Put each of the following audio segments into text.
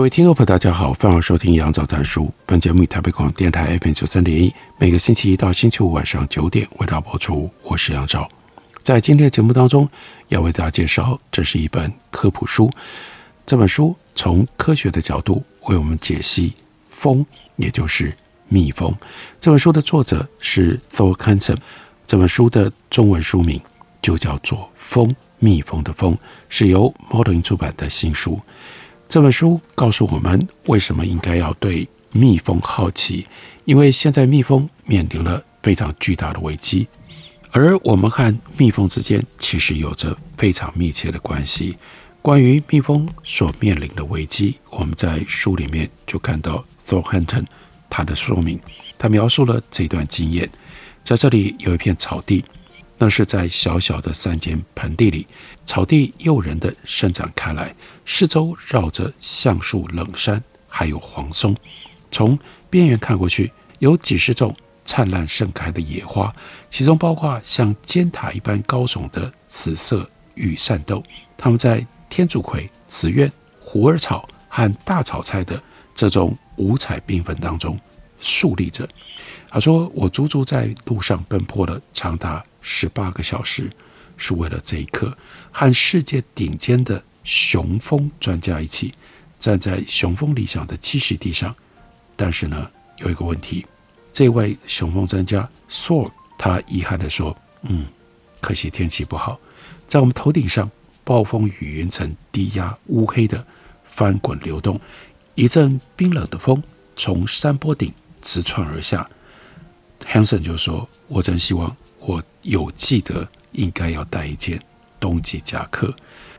各位聽眾朋友，大家好，歡迎收聽《楊照談書》。本節目以臺北廣播電臺 FM 九三點一，每個星期一到星期五晚上九點為大家播出。我是楊照。在今天的節目當中，要為大家介紹這是一本科普書。這本書從科學的角度為我們解析蜂，也就是蜜蜂。這本書的作者是 Thor Hanson。這本書的中文書名就叫做《蜂蜜蜂的蜂》，是由貓頭鷹出版的新書。這本書告訴我們為什麼應該要對蜜蜂好奇，因為現在蜜蜂面臨了非常巨大的危機，而我們和蜜蜂之間其實有着非常密切的關係。關於蜜蜂所面臨的危機，我們在書裡面就看到 Thor Hanson 他的說明，他描述了這段經驗。在這裡有一片草地。那是在小小的山間盆地裡，草地誘人的伸展開來，四周繞着橡樹、冷杉，還有黃松。從邊緣看過去，有幾十種燦爛盛開的野花，其中包括像尖塔一般高聳的紫色羽扇豆。它們在天竺葵、紫苑、虎耳草和大草菜的這種五彩繽紛當中樹立着。他說：“我足足在路上奔波了長達……”十八個小時是為了這一刻，和世界頂尖的雄蜂專家一起站在雄蜂理想的棲息地上。但是呢，有一個問題，這位雄蜂專家索爾，他遺憾地說，嗯，可惜天氣不好，在我們頭頂上，暴風雨雲層、低壓、烏黑的翻滾流動，一陣冰冷的風從山坡頂直竄而下。Hansen 就說：“我真希望。”我有記得應該要帶一件冬季夾克，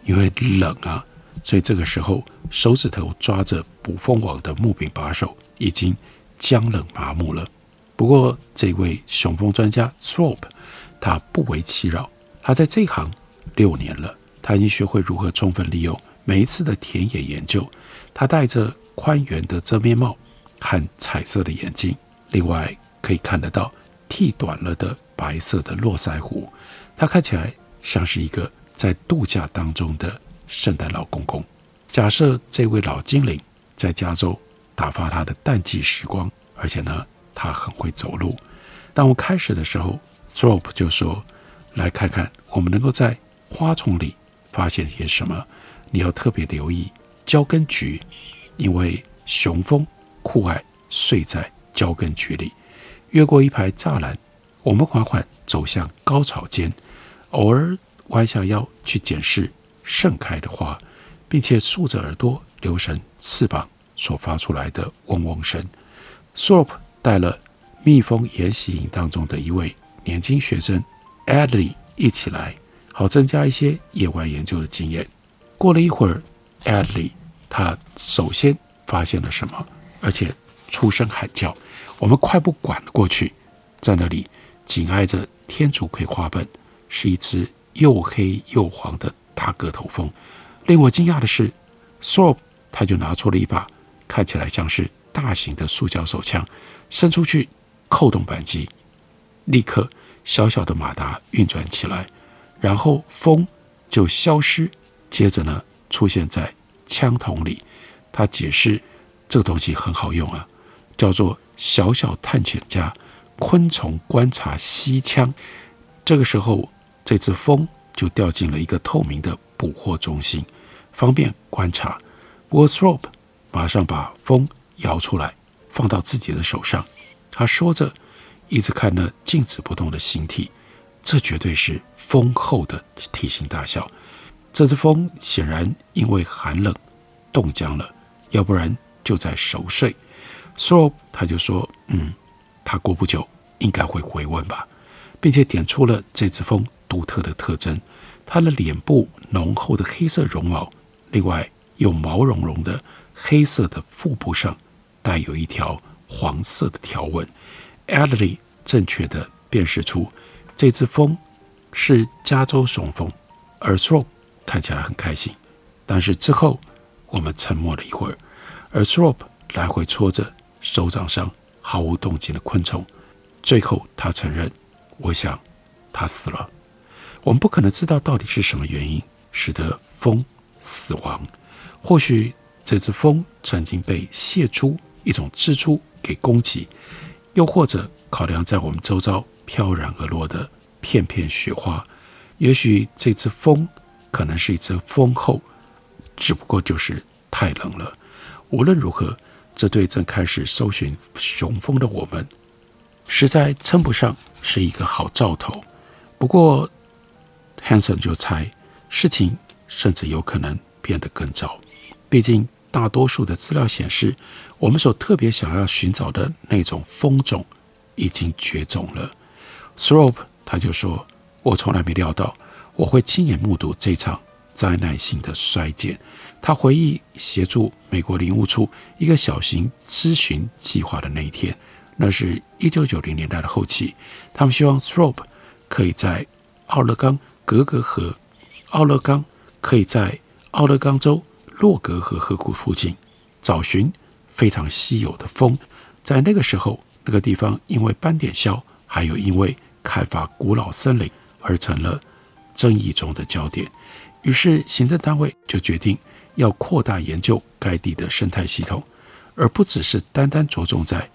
因為冷啊。所以這個時候，手指頭抓着捕蜂網的木柄把手已經僵冷麻木了。不過，這位熊蜂專家 s r o p e 他不為其擾，他在這行六年了，他已經學會如何充分利用每一次的田野研究。他戴着寬圓的遮面帽和彩色的眼鏡，另外可以看得到剃短了的。白色的絡腮鬍，他看起來像是一個在度假當中的聖誕老公公。假設這位老精靈在加州打發他的淡季時光，而且呢，他很會走路。當我開始的時候，Strop 就說：“來看看，我們能夠在花叢裡發現些什麼？你要特別留意焦根菊，因為雄蜂酷愛睡在焦根菊裡。”越過一排柵欄。我們緩緩走向高草間，偶爾彎下腰去檢視盛開的花，並且豎着耳朵留神翅膀所發出來的嗡嗡聲。索爾帶了蜜蜂研習營當中的一位年輕學生 Adley 一起來，好增加一些野外研究的經驗。過了一會兒，Adley 他首先發現了什麼，而且出聲喊叫。我們快步趕了過去，在那裡。緊挨着天竺葵花瓣，是一隻又黑又黃的大個頭蜂。令我驚訝的是，索爾他就拿出了一把看起來像是大型的塑膠手槍，伸出去，扣動扳機，立刻小小的馬達運轉起來，然後蜂就消失，接着呢，出現在槍筒裡。他解釋，這個東西很好用啊，叫做小小探險家。昆蟲觀察西腔，這個時候這只蜂就掉進了一個透明的捕獲中心，方便觀察。Worthrop 馬上把蜂搖出來，放到自己的手上。他說着，一直看那靜止不動的形體，這絕對是蜂後的體型大小。這只蜂顯然因為寒冷凍僵了，要不然就在熟睡。Worthrop 他就說：“嗯，它過不久。”應該會回溫吧，並且點出了這只蜂獨特的特徵：它的臉部濃厚的黑色絨毛，另外有毛茸茸的黑色的腹部上帶有一條黃色的條紋。Adley 正確的辨識出這只蜂是加州熊蜂，而 Sro 看起來很開心。但是之後我們沉默了一會兒，而 Srope 來回搓着手掌上毫無動靜的昆蟲。最後，他承認：“我想，他死了。我們不可能知道到底是什麼原因使得蜂死亡。或許這隻蜂曾經被蟹蛛，一種蜘蛛給攻擊，又或者考量在我們周遭飄然而落的片片雪花，也許這隻蜂可能是一隻蜂後，只不過就是太冷了。無論如何，這對正開始搜尋雄蜂的我們。”實在稱不上是一個好兆頭。不過，Hanson 就猜事情甚至有可能變得更糟。畢竟，大多數的資料顯示，我們所特別想要尋找的那種蜂種已經絕種了。Throp 他就說：“我從來沒料到我會親眼目睹這場災難性的衰減。”他回憶協助美國林務處一個小型諮詢計劃的那一天。那是一九九零年代的後期，他們希望 t r o p e 可以在奧勒岡格格河，奧勒岡可以在奧勒岡州洛格河河谷附近找尋非常稀有的蜂。在那個時候，那個地方因為斑點鴞，還有因為開發古老森林而成了爭議中的焦點。於是行政單位就決定要擴大研究該地的生態系統，而不只是單單着重在。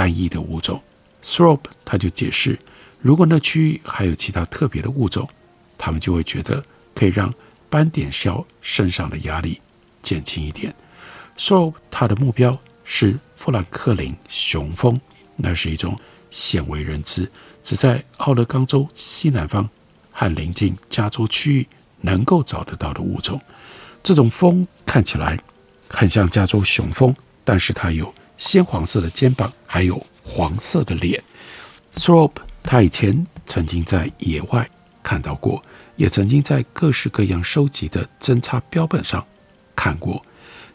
單一的物種 Thorp 他就解釋，如果那區域還有其他特別的物種，他們就會覺得可以讓斑點鴞身上的壓力減輕一點。Thorp 他的目標是富蘭克林熊蜂，那是一種鮮為人知、只在奧勒岡州西南方和臨近加州區域能夠找得到的物種。這種蜂看起來很像加州熊蜂，但是它有。鮮黃色的肩膀，還有黃色的臉。Thorp 他以前曾經在野外看到過，也曾經在各式各樣收集的針插標本上看過。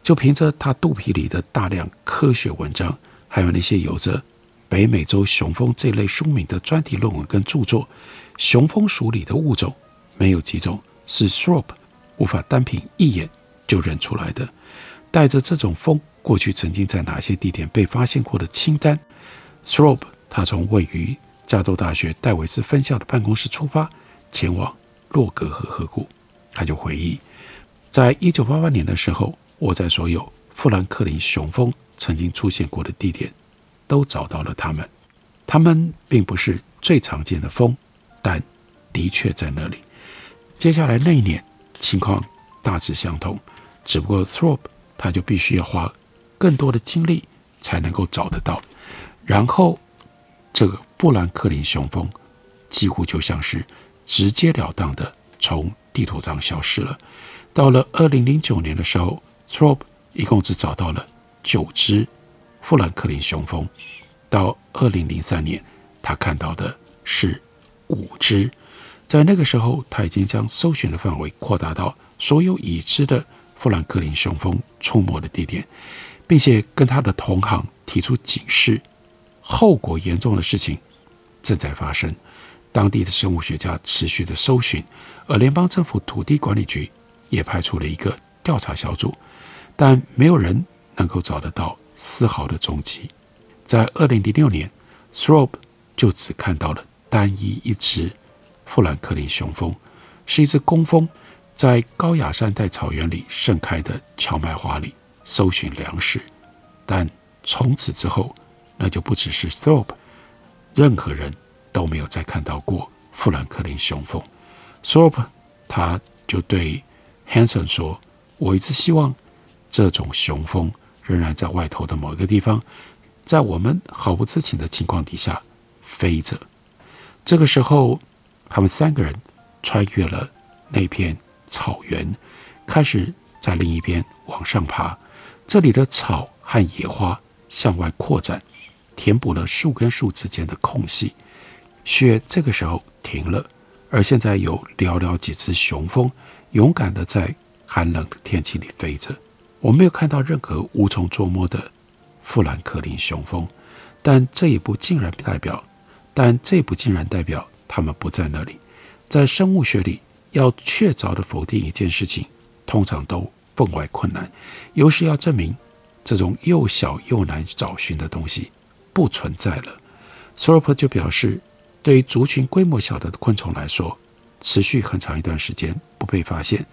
就憑着他肚皮裡的大量科學文章，還有那些有着“北美洲熊蜂”這類書名的專題論文跟著作，熊蜂屬裡的物種沒有幾種是 Thorp 無法單憑一眼就認出來的。帶着這種蜂。過去曾經在哪些地點被發現過的清單。Thorp 他從位於加州大學戴維斯分校的辦公室出發，前往洛格河河谷。他就回憶，在一九八八年的時候，我在所有富蘭克林熊蜂曾經出現過的地點都找到了他們。他們並不是最常見的蜂，但的確在那裡。接下來那一年情況大致相同，只不過 Thorp 他就必須要花。更多的精力，才能夠找得到。然後，這個富蘭克林熊蜂幾乎就像是直截了當地從地圖上消失了。到了二零零九年的時候，Trop 一共只找到了九隻富蘭克林熊蜂。到二零零三年，他看到的是五隻。在那個時候，他已經將搜尋的範圍擴大到所有已知的富蘭克林熊蜂出沒的地點。並且跟他的同行提出警示，後果嚴重的事情正在發生。當地的生物學家持續的搜尋，而聯邦政府土地管理局也派出了一個調查小組，但沒有人能夠找得到絲毫的蹤跡。在2006年，Thrope 就只看到了單一一只富蘭克林熊蜂，是一只工蜂，在高雅山帶草原裡盛開的蕎麥花裡。搜尋糧食，但從此之後，那就不只是 Thorpe 任何人都沒有再看到過富蘭克林雄蜂。Thorpe 他就對 Hanson 說：“我一直希望這種雄蜂仍然在外頭的某一個地方，在我們毫不知情的情況底下飛着。”這個時候，他們三個人穿越了那片草原，開始在另一邊往上爬。這裡的草和野花向外擴展，填補了樹跟樹之間的空隙。雪這個時候停了，而現在有寥寥幾隻熊蜂勇敢地在寒冷的天氣裡飛着。我沒有看到任何無從捉摸的富蘭克林熊蜂，但這也不盡然代表，但這不盡然代表它們不在那裡。在生物學裡，要確鑿地否定一件事情，通常都。分外困難，有時要證明這種又小又難找尋的東西不存在了。索爾 o r p 就表示，對於族群規模小的昆蟲來說，持續很長一段時間不被發現，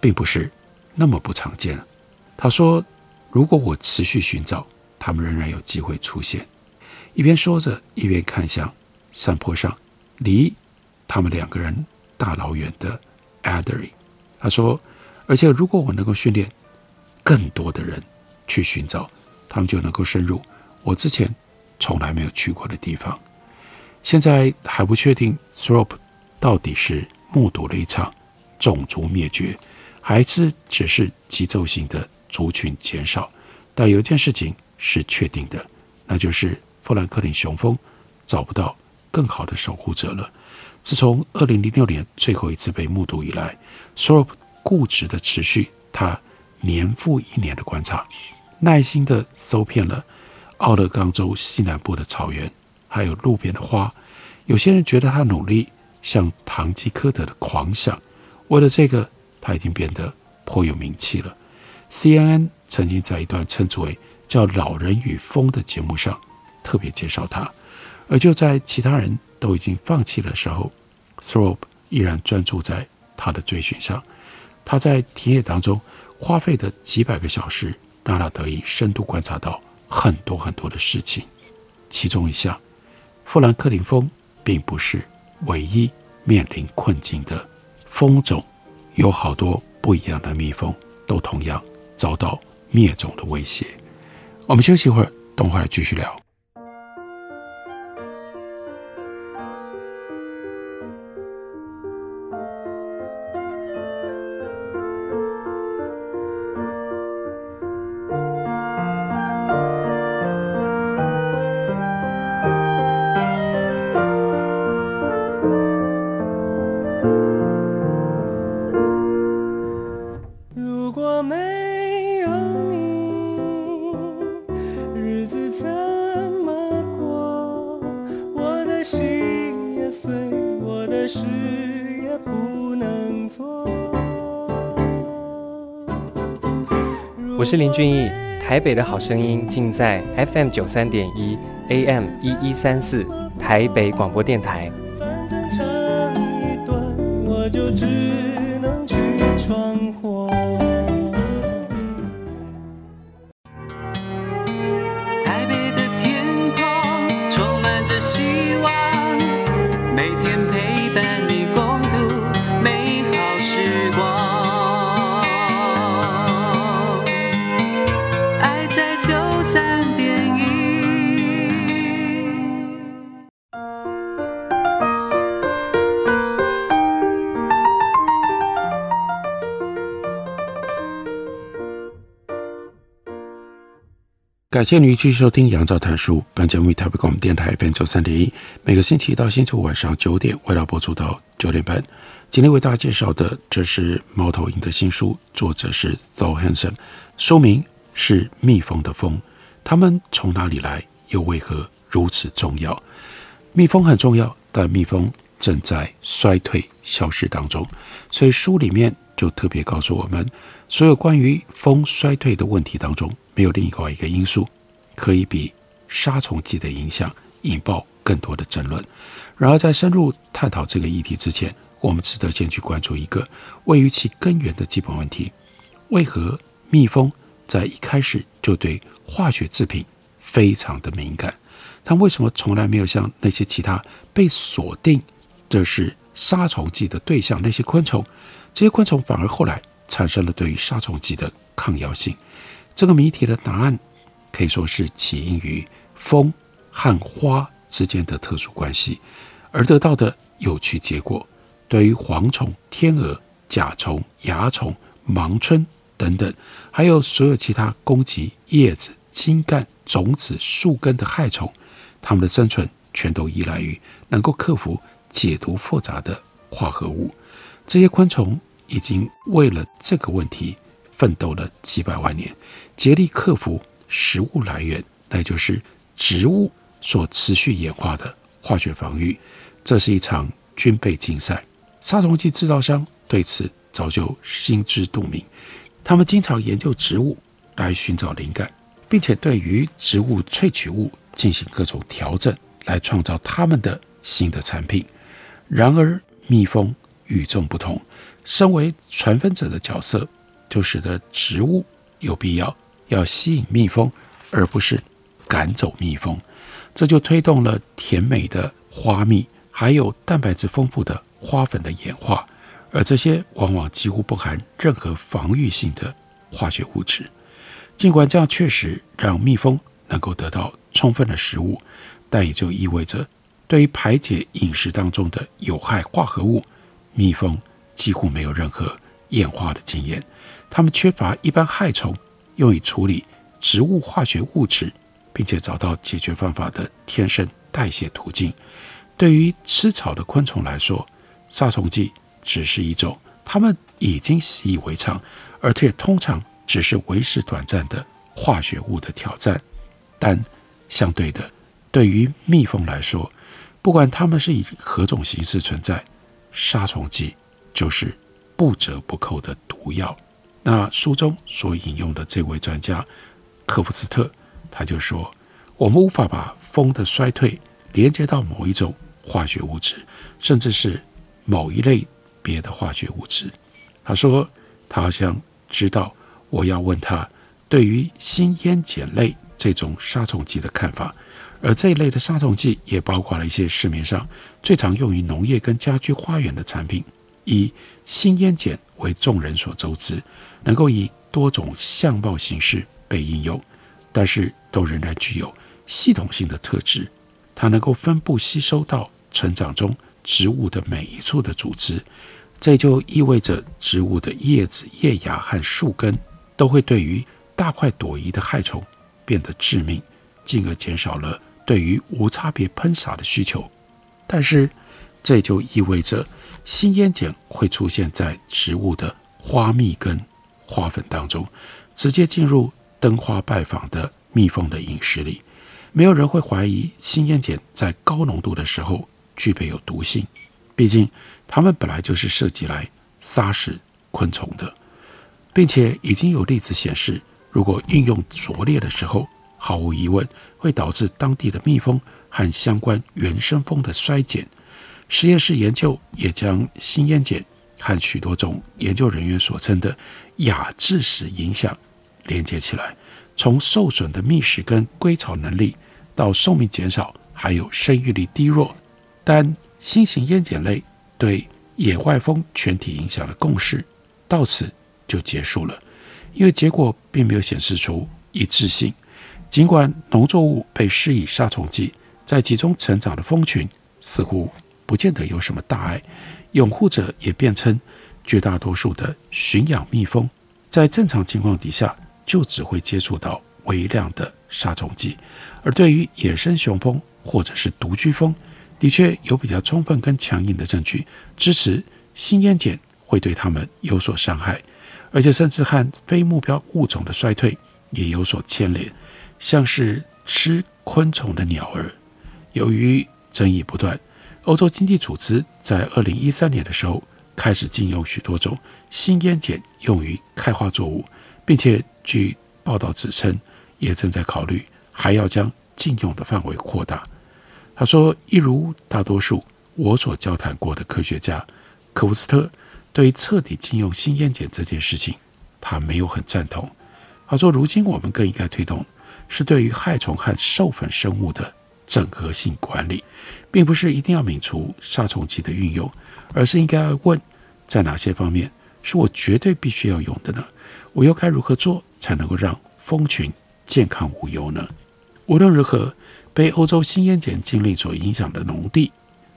並不是那麼不常見了。他說：“如果我持續尋找，他們仍然有機會出現。”一邊說着，一邊看向山坡上離他們兩個人大老遠的 Adery Ad。他說。而且，如果我能夠訓練更多的人去尋找，他們就能夠深入我之前從來沒有去過的地方。現在還不確定 Thorp 到底是目睹了一場種族滅絕，還是只是急驟性的族群減少。但有一件事情是確定的，那就是富蘭克林熊蜂找不到更好的守護者了。自從2006年最後一次被目睹以來 Thorp 固執的持續他年復一年的觀察，耐心地搜遍了奧勒岡州西南部的草原，還有路邊的花。有些人覺得他努力像堂吉訶德的狂想。為了這個，他已經變得頗有名氣了。CNN 曾經在一段稱之為叫“老人與蜂”的節目上特別介紹他。而就在其他人都已經放棄的時候，Thrope 依然專注在他的追尋上。他在田野當中花費的幾百個小時，讓他得以深度觀察到很多很多的事情。其中一項，富蘭克林蜂並不是唯一面臨困境的蜂種，有好多不一樣的蜜蜂都同樣遭到滅種的威脅。我們休息一會兒，等會兒來繼續聊。我是林俊逸，台北的好聲音盡在 FM 九三點一 AM 一一三四台北廣播電台。反正感謝您繼續收聽《楊照談書》，本節目台北廣播電臺 FM 三點一，每個星期一到星期五晚上九點，為大家播出到九點半。今天為大家介紹的，這是貓頭鷹的新書，作者是 Thor Hanson，書名是《蜜蜂的蜂》，它們從哪裡來，又為何如此重要？蜜蜂很重要，但蜜蜂正在衰退、消失當中，所以書裡面就特別告訴我們，所有關於蜂衰退的問題當中。沒有另一個一個因素可以比殺蟲劑的影響引爆更多的爭論。然而，在深入探討這個議題之前，我們值得先去關注一個位於其根源的基本問題：為何蜜蜂在一開始就對化學製品非常的敏感？它為什麼從來沒有像那些其他被鎖定這是殺蟲劑的對象那些昆蟲？這些昆蟲反而後來產生了對於殺蟲劑的抗藥性。這個謎題的答案，可以說是起因於蜂和花之間的特殊關係，而得到的有趣結果。對於蝗蟲、天鵝、甲蟲、蚜蟲、盲蝽等等，還有所有其他攻擊葉子、莖幹、種子、樹根的害蟲，它們的生存全都依賴於能夠克服解毒複雜的化合物。這些昆蟲已經為了這個問題。奮鬥了幾百萬年，竭力克服食物來源，那就是植物所持續演化的化學防禦。這是一場軍備競賽。殺蟲劑製造商對此早就心知肚明。他們經常研究植物來尋找靈感，並且對於植物萃取物進行各種調整，來創造他們的新的產品。然而，蜜蜂與眾不同，身為傳粉者的角色。就使得植物有必要要吸引蜜蜂，而不是趕走蜜蜂。這就推動了甜美的花蜜，還有蛋白質豐富的花粉的演化。而這些往往幾乎不含任何防御性的化學物質。儘管這樣確實讓蜜蜂能夠得到充分的食物，但也就意味着，對於排解飲食當中的有害化合物，蜜蜂幾乎沒有任何演化的經驗。它們缺乏一般害蟲用以處理植物化學物質，並且找到解決方法的天生代謝途徑。對於吃草的昆蟲來說，殺蟲劑只是一種他們已經習以為常，而且通常只是為時短暫的化學物的挑戰。但相對的，對於蜜蜂來說，不管它們是以何種形式存在，殺蟲劑就是不折不扣的毒藥。那書中所引用的這位專家科夫斯特，他就說，我們無法把蜂的衰退連接到某一種化學物質，甚至是某一類別的化學物質。他說，他好像知道我要問他對於新煙鹼類這種殺蟲劑的看法，而這一類的殺蟲劑也包括了一些市面上最常用於農業跟家居花園的產品，以新煙鹼。為眾人所周知，能夠以多種相貌形式被應用，但是都仍然具有系統性的特質。它能夠分布吸收到成長中植物的每一處的組織，這就意味着植物的葉子、葉芽和樹根都會對於大快朵頤的害蟲變得致命，進而減少了對於無差別噴灑的需求。但是，這就意味着。新菸鹼會出現在植物的花蜜跟花粉當中，直接進入登花拜訪的蜜蜂的飲食裡。沒有人會懷疑新菸鹼在高濃度的時候具備有毒性，畢竟它們本來就是設計來殺死昆蟲的，並且已經有例子顯示，如果應用拙劣的時候，毫無疑問會導致當地的蜜蜂和相關原生蜂的衰減。實驗室研究也將新菸鹼和許多種研究人員所稱的亞致死影響連接起來，從受損的覓食跟歸巢能力到壽命減少，還有生育力低弱。但新型菸鹼類，類對野外蜂全體影響的共識到此就結束了，因為結果並沒有顯示出一致性。儘管農作物被施以殺蟲劑，在其中成長的蜂群似乎，不見得有什麼大礙。擁護者也辯稱，絕大多數的馴養蜜蜂在正常情況底下就只會接觸到微量的殺蟲劑，而對於野生雄蜂或者是獨居蜂，的確有比較充分跟強硬的證據支持，新菸鹼會對它們有所傷害，而且甚至和非目標物種的衰退也有所牽連，像是吃昆蟲的鳥兒。由於爭議不斷。歐洲經濟組織在2013年的時候開始禁用許多種新煙鹼用於開花作物，並且據報道指稱，也正在考慮還要將禁用的範圍擴大。他說：“一如大多數我所交談過的科學家，科夫斯特對於徹底禁用新煙鹼這件事情，他沒有很贊同。他說：‘如今我們更應該推動，是對於害蟲和授粉生物的。’”整合性管理，並不是一定要免除殺蟲劑的運用，而是應該要問，在哪些方面是我絕對必須要用的呢？我又該如何做才能夠讓蜂群健康無憂呢？無論如何，被歐洲新菸鹼禁令所影響的農地，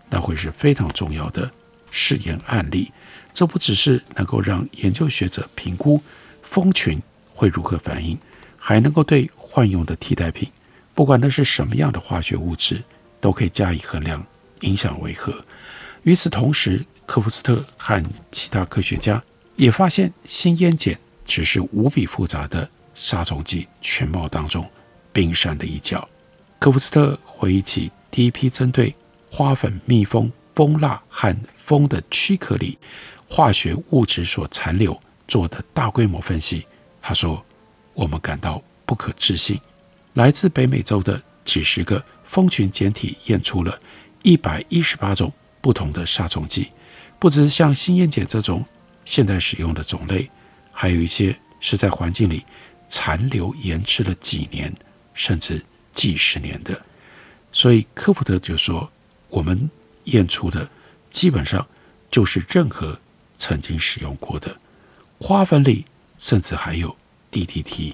那會是非常重要的試驗案例。這不只是能夠讓研究學者評估蜂群會如何反應，還能夠對換用的替代品。不管那是什麼樣的化學物質，都可以加以衡量，影響為何？與此同時，科夫斯特和其他科學家也發現，新煙鹼只是無比複雜的殺蟲劑全貌當中冰山的一角。科夫斯特回憶起第一批針對花粉、蜜蜂、蜂蠟和蜂的軀殼裡化學物質所殘留做的大規模分析，他說：“我們感到不可置信。”來自北美洲的幾十個蜂群檢體驗出了一百一十八種不同的殺蟲劑，不止像新菸鹼這種現在使用的種類，還有一些是在環境裡殘留延遲了幾年甚至幾十年的。所以科福特就說：“我們驗出的基本上就是任何曾經使用過的，花粉裡甚至還有 DDT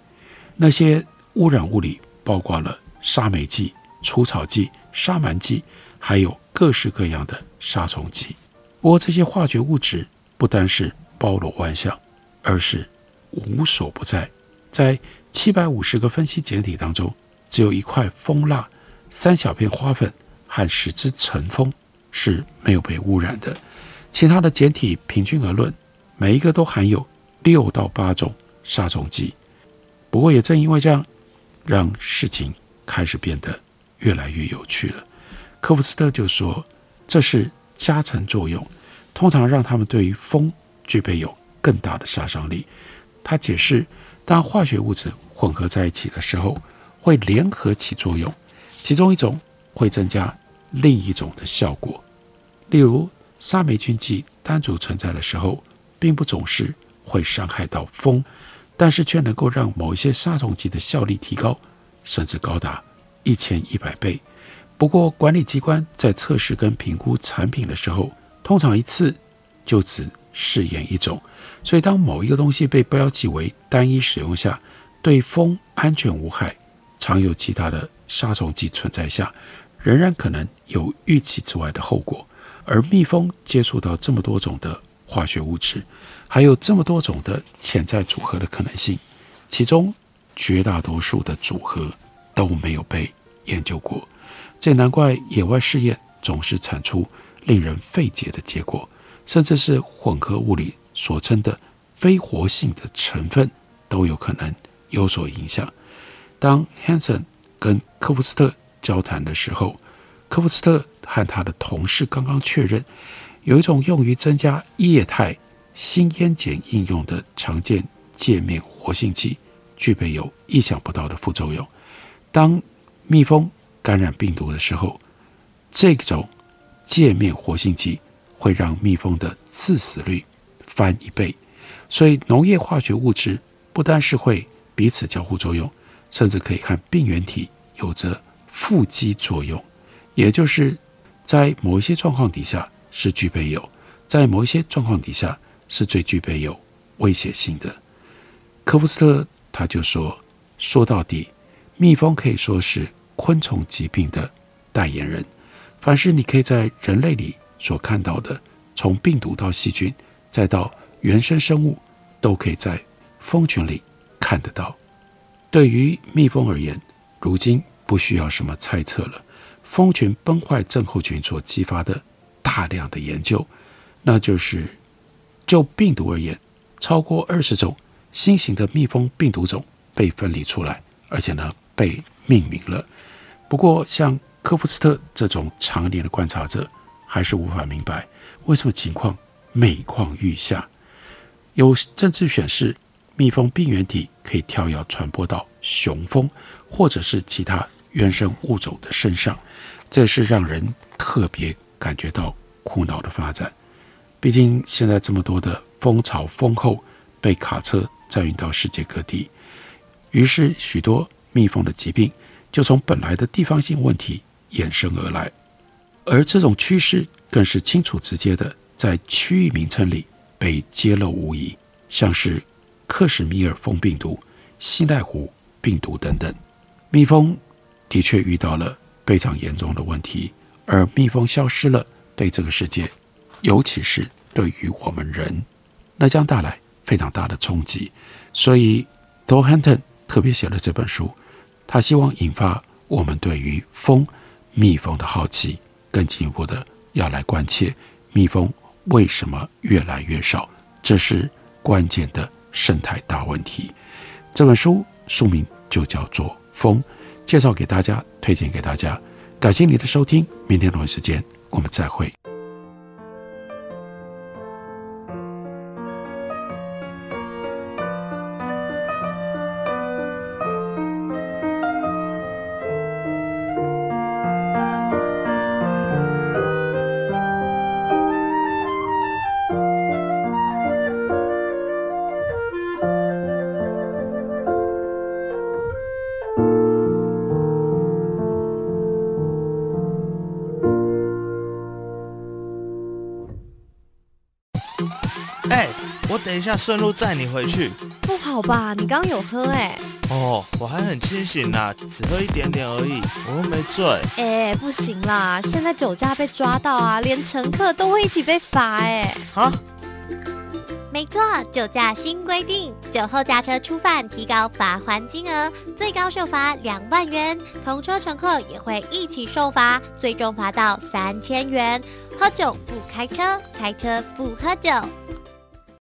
那些污染物裡。”包括了殺黴劑、除草劑、殺蟎劑，還有各式各樣的殺蟲劑。不過，這些化學物質不單是包羅萬象，而是無所不在。在七百五十個分析檢體當中，只有一塊蜂蠟、三小片花粉和十隻成蜂是沒有被污染的。其他的檢體，平均而論，每一個都含有六到八種殺蟲劑。不過，也正因為這樣。讓事情開始變得越來越有趣了，科夫斯特就說：“這是加成作用，通常讓他們對於蜂具備有更大的殺傷力。”他解釋，當化學物質混合在一起的時候，會聯合起作用，其中一種會增加另一種的效果。例如，殺霉菌劑單獨存在的時候，並不總是會傷害到蜂。但是卻能夠讓某一些殺蟲劑的效率提高，甚至高達一千一百倍。不過，管理機關在測試跟評估產品的時候，通常一次就只試驗一種。所以，當某一個東西被標記為單一使用下，對蜂安全無害，常有其他的殺蟲劑存在下，仍然可能有預期之外的後果。而蜜蜂接觸到這麼多種的。化學物質，還有這麼多種的潛在組合的可能性，其中絕大多數的組合都沒有被研究過。這也難怪，野外試驗總是產出令人費解的結果，甚至是混合物裡所稱的非活性的成分都有可能有所影響。當 Hanson 跟科夫斯特交談的時候，科夫斯特和他的同事剛剛確認。有一種用於增加液態新煙鹼應用的常見界面活性劑，具備有意想不到的副作用。當蜜蜂感染病毒的時候，這種界面活性劑會讓蜜蜂的致死率翻一倍。所以，農業化學物質不單是會彼此交互作用，甚至可以看病原體有着負激作用，也就是在某一些狀況底下。是具備有，在某一些狀況底下是最具備有威脅性的。科夫斯特他就說，說到底，蜜蜂可以說是昆蟲疾病的代言人。凡是你可以在人類裡所看到的，從病毒到細菌，再到原生生物，都可以在蜂群裡看得到。對於蜜蜂而言，如今不需要什麼猜測了，蜂群崩壞症候群所激發的。大量的研究，那就是就病毒而言，超過二十種新型的蜜蜂病毒種被分離出來，而且呢被命名了。不過，像科夫斯特這種常年的觀察者，還是無法明白為什麼情況每況愈下。有證據顯示，蜜蜂病原體可以跳躍傳播到熊蜂或者是其他原生物種的身上，這是讓人特別感覺到苦惱的發展，畢竟現在這麼多的蜂巢、蜂後被卡車載運到世界各地，於是許多蜜蜂的疾病就從本來的地方性問題衍生而來，而這種趨勢更是清楚直接的在區域名稱裡被揭露無遺，像是克什米爾蜂病毒、西奈湖病毒等等，蜜蜂的確遇到了非常嚴重的問題。而蜜蜂消失了，對這個世界，尤其是對於我們人，那將帶來非常大的衝擊。所以，Thor Hanson 特別寫了這本書，他希望引發我們對於蜂、蜜蜂的好奇，更進一步的要來關切蜜蜂為什麼越來越少。這是關鍵的生態大問題。這本書書名就叫做《蜂》，介紹給大家，推薦給大家。感謝您的收聽，明天同一時間我們再會。等一下，順路載你回去。不好吧？你剛剛有喝誒哦，我還很清醒呢，只喝一點點而已，我都沒醉。誒，不行啦，現在酒駕被抓到啊，連乘客都會一起被罰誒。好，沒錯，酒駕新規定，酒後駕車初犯提高罰鍰金額，最高受罰兩萬元，同車乘客也會一起受罰，最終罰到三千元。喝酒不開車，開車不喝酒。